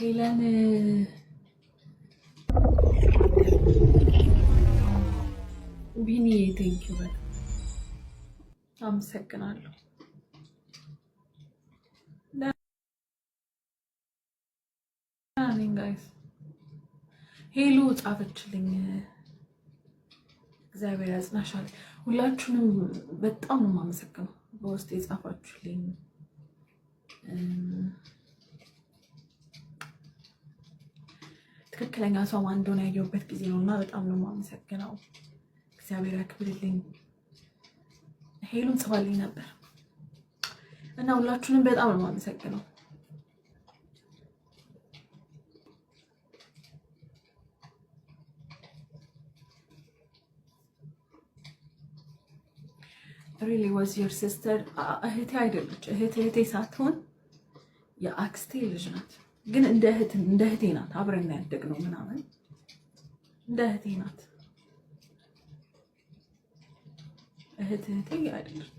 ሄለን ቢኒ ቴንኪዩ በጣም አመሰግናለሁ። ሄሎ ጻፈችልኝ። እግዚአብሔር ያጽናሻል። ሁላችሁንም በጣም ነው የማመሰግነው በውስጥ የጻፋችሁልኝ ትክክለኛ ሰው ማን እንደሆነ ያየሁበት ጊዜ ነው እና በጣም ነው የማመሰግነው። እግዚአብሔር ያክብርልኝ። ሄሉን ጽፋልኝ ነበር እና ሁላችሁንም በጣም ነው የማመሰግነው። ሪሊ ዋዝ ዮር ሲስተር እህቴ አይደለች። እህቴ እህቴ ሳትሆን የአክስቴ ልጅ ናት። ግን እንደ እህት እንደ እህቴ ናት። አብረን ያደግነው ምናምን እንደ እህቴ ናት። እህት እህቴ አይደለች።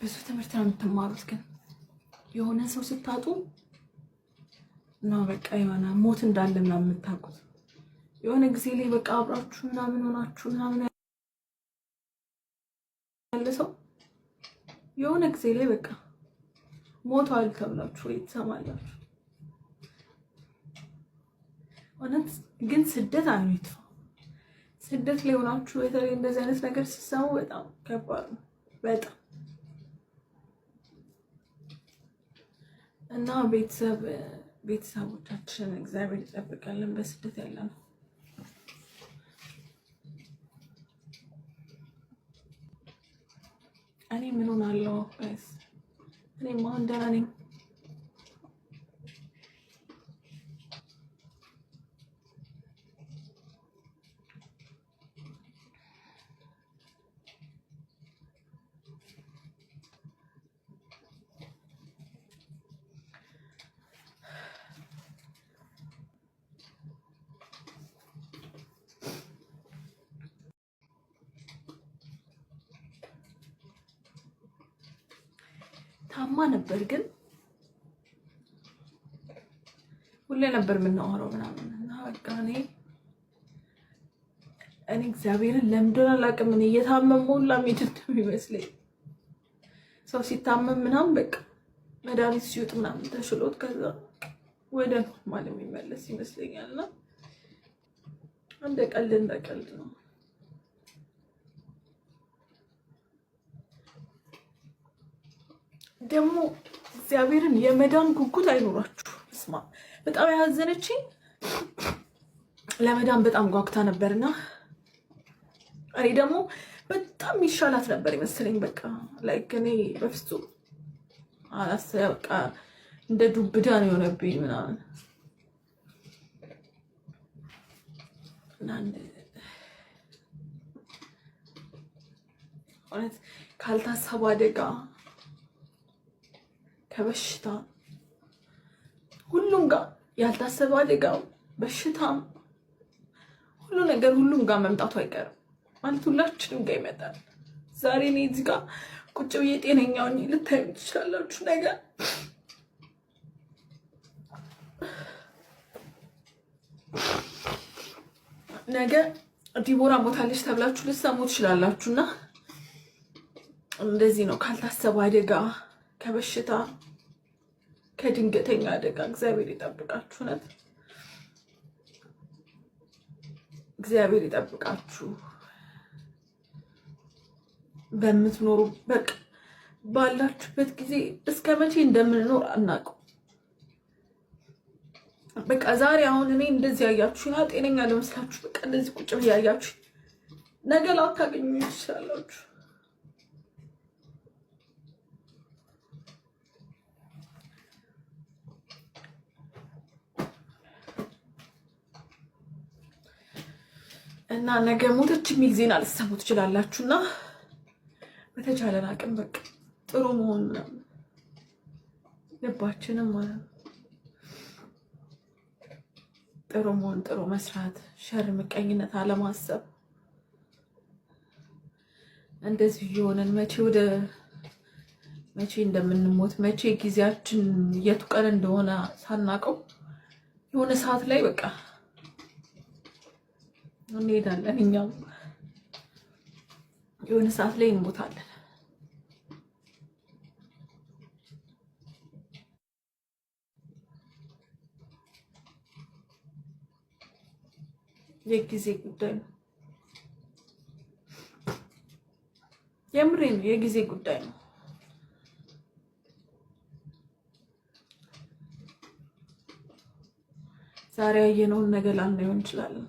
ብዙ ትምህርት ነው የምትማሩት። ግን የሆነ ሰው ስታጡ እና በቃ የሆነ ሞት እንዳለ ምናምን የምታውቁት የሆነ ጊዜ ላይ በቃ አብራችሁ ምናምን ሆናችሁ ምናምን ያለ ሰው የሆነ ጊዜ ላይ በቃ ሞቷል ተብላችሁ ወይ ትሰማላችሁ። እውነት ግን ስደት አይነት ስደት ላይ ሆናችሁ በተለይ እንደዚህ አይነት ነገር ሲሰሙ በጣም ከባድ ነው በጣም እና ቤተሰብ ቤተሰቦቻችን እግዚአብሔር ይጠብቀልን። በስደት ያለ ነው እኔ ምን ሆናለሁ? ስ እኔ አሁን ደህና ነኝ። ታማ ነበር ግን ሁሌ ነበር የምናወራው ምናምን እና በቃ እኔ እኔ እግዚአብሔርን ለምንድን አላውቅም። እኔ እየታመም ሁላ ሚድን የሚመስለኝ ሰው ሲታመም ምናምን በቃ መድኃኒት ሲውጥ ምናምን ተሽሎት ከዛ ወደ ኖርማል የሚመለስ ይመስለኛል እና እንደ ቀልድ እንደ ቀልድ ነው። ደግሞ እግዚአብሔርን የመዳን ጉጉት አይኖራችሁ። ስማ በጣም ያዘነች ለመዳን በጣም ጓጉታ ነበርና እኔ ደግሞ በጣም ይሻላት ነበር ይመስለኝ። በቃ ላይክ እኔ በፍጹም በቃ እንደ ዱብዳ ነው የሆነብኝ ምናምን እውነት አደጋ ከበሽታ ሁሉም ጋር ያልታሰበ አደጋው በሽታም ሁሉ ነገር ሁሉም ጋር መምጣቱ አይቀርም ማለት ሁላችንም ጋር ይመጣል። ዛሬ እኔ እዚህ ጋር ቁጭ ብዬ ጤነኛው ልታዩ ትችላላችሁ። ነገር ነገ ዲቦራ ሞታለች ተብላችሁ ልትሰሙ ትችላላችሁ። እና እንደዚህ ነው ካልታሰበ አደጋ ከበሽታ ከድንገተኛ አደጋ እግዚአብሔር ይጠብቃችሁ። እውነት እግዚአብሔር ይጠብቃችሁ። በምትኖሩ በቃ ባላችሁበት ጊዜ እስከ መቼ እንደምንኖር አናውቅም። በቃ ዛሬ አሁን እኔ እንደዚህ ያያችሁ ያ ጤነኛ ለመስላችሁ በቃ እንደዚህ ቁጭ ብዬ ያያችሁ ነገ ላታገኙ ይችላላችሁ። እና ነገ ሞተች የሚል ዜና ልትሰሙ ትችላላችሁ። እና በተቻለን አቅም በቃ ጥሩ መሆን ምናምን ልባችንም ማለት ነው ጥሩ መሆን፣ ጥሩ መስራት፣ ሸር፣ ምቀኝነት አለማሰብ እንደዚህ የሆነን መቼ ወደ መቼ እንደምንሞት መቼ ጊዜያችን የቱ ቀን እንደሆነ ሳናቀው የሆነ ሰዓት ላይ በቃ እንሄዳለን። እኛም የሆነ ሰዓት ላይ እንሞታለን። የጊዜ ጉዳይ ነው። የምሬ ነው። የጊዜ ጉዳይ ነው። ዛሬ ያየነውን ነገ ላናየው እንችላለን።